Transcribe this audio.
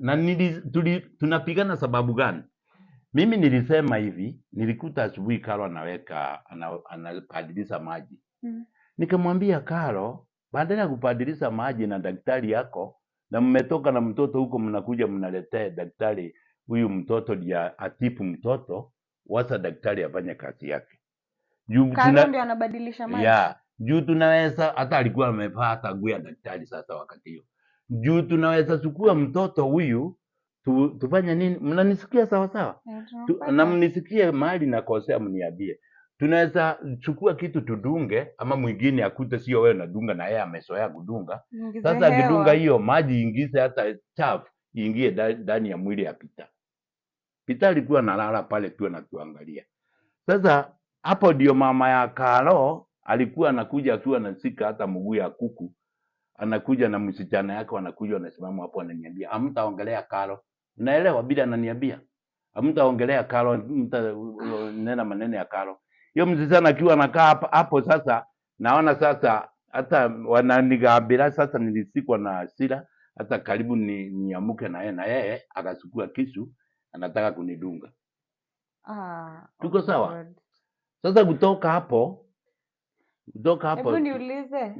na niliz, tuli, tunapigana sababu gani? Mimi nilisema hivi, nilikuta asubuhi Karo anaweka anapadilisa ana maji mm. Nikamwambia Karo, badala ya kupadilisa maji na daktari yako na mmetoka na mtoto huko, mnakuja mnaletea daktari huyu mtoto dia atipu mtoto, wasa daktari afanye kazi yake juu Karo ndio anabadilisha maji ya juu, tunaweza hata alikuwa amepata nguo ya daktari sasa wakati hiyo juu tunaweza chukua mtoto huyu tu, tufanye nini? Mnanisikia sawa sawa? Eh, tu, na mnisikie mahali nakosea, mniambie. Tunaweza chukua kitu tudunge, ama mwingine akute sio wewe unadunga na yeye amesoea kudunga. Sasa akidunga hiyo maji ingize, hata chafu ingie ndani ya mwili ya Pita. Pita alikuwa analala pale tu anatuangalia. Sasa hapo ndio mama ya Karo alikuwa anakuja akiwa anasika hata mguu ya kuku anakuja na msichana yake, wanakuja wanasimama hapo, ananiambia amtaongelea Karo, naelewa bila, ananiambia amtaongelea Karo, mta nena maneno ya Karo. Hiyo msichana akiwa anakaa hapo hapo, sasa naona sasa hata wananigambira sasa, nilisikwa na hasira hata karibu ni niamuke na yeye na yeye akasukua kisu anataka kunidunga. Ah, tuko oh sawa. Sasa kutoka hapo, kutoka hapo, hebu niulize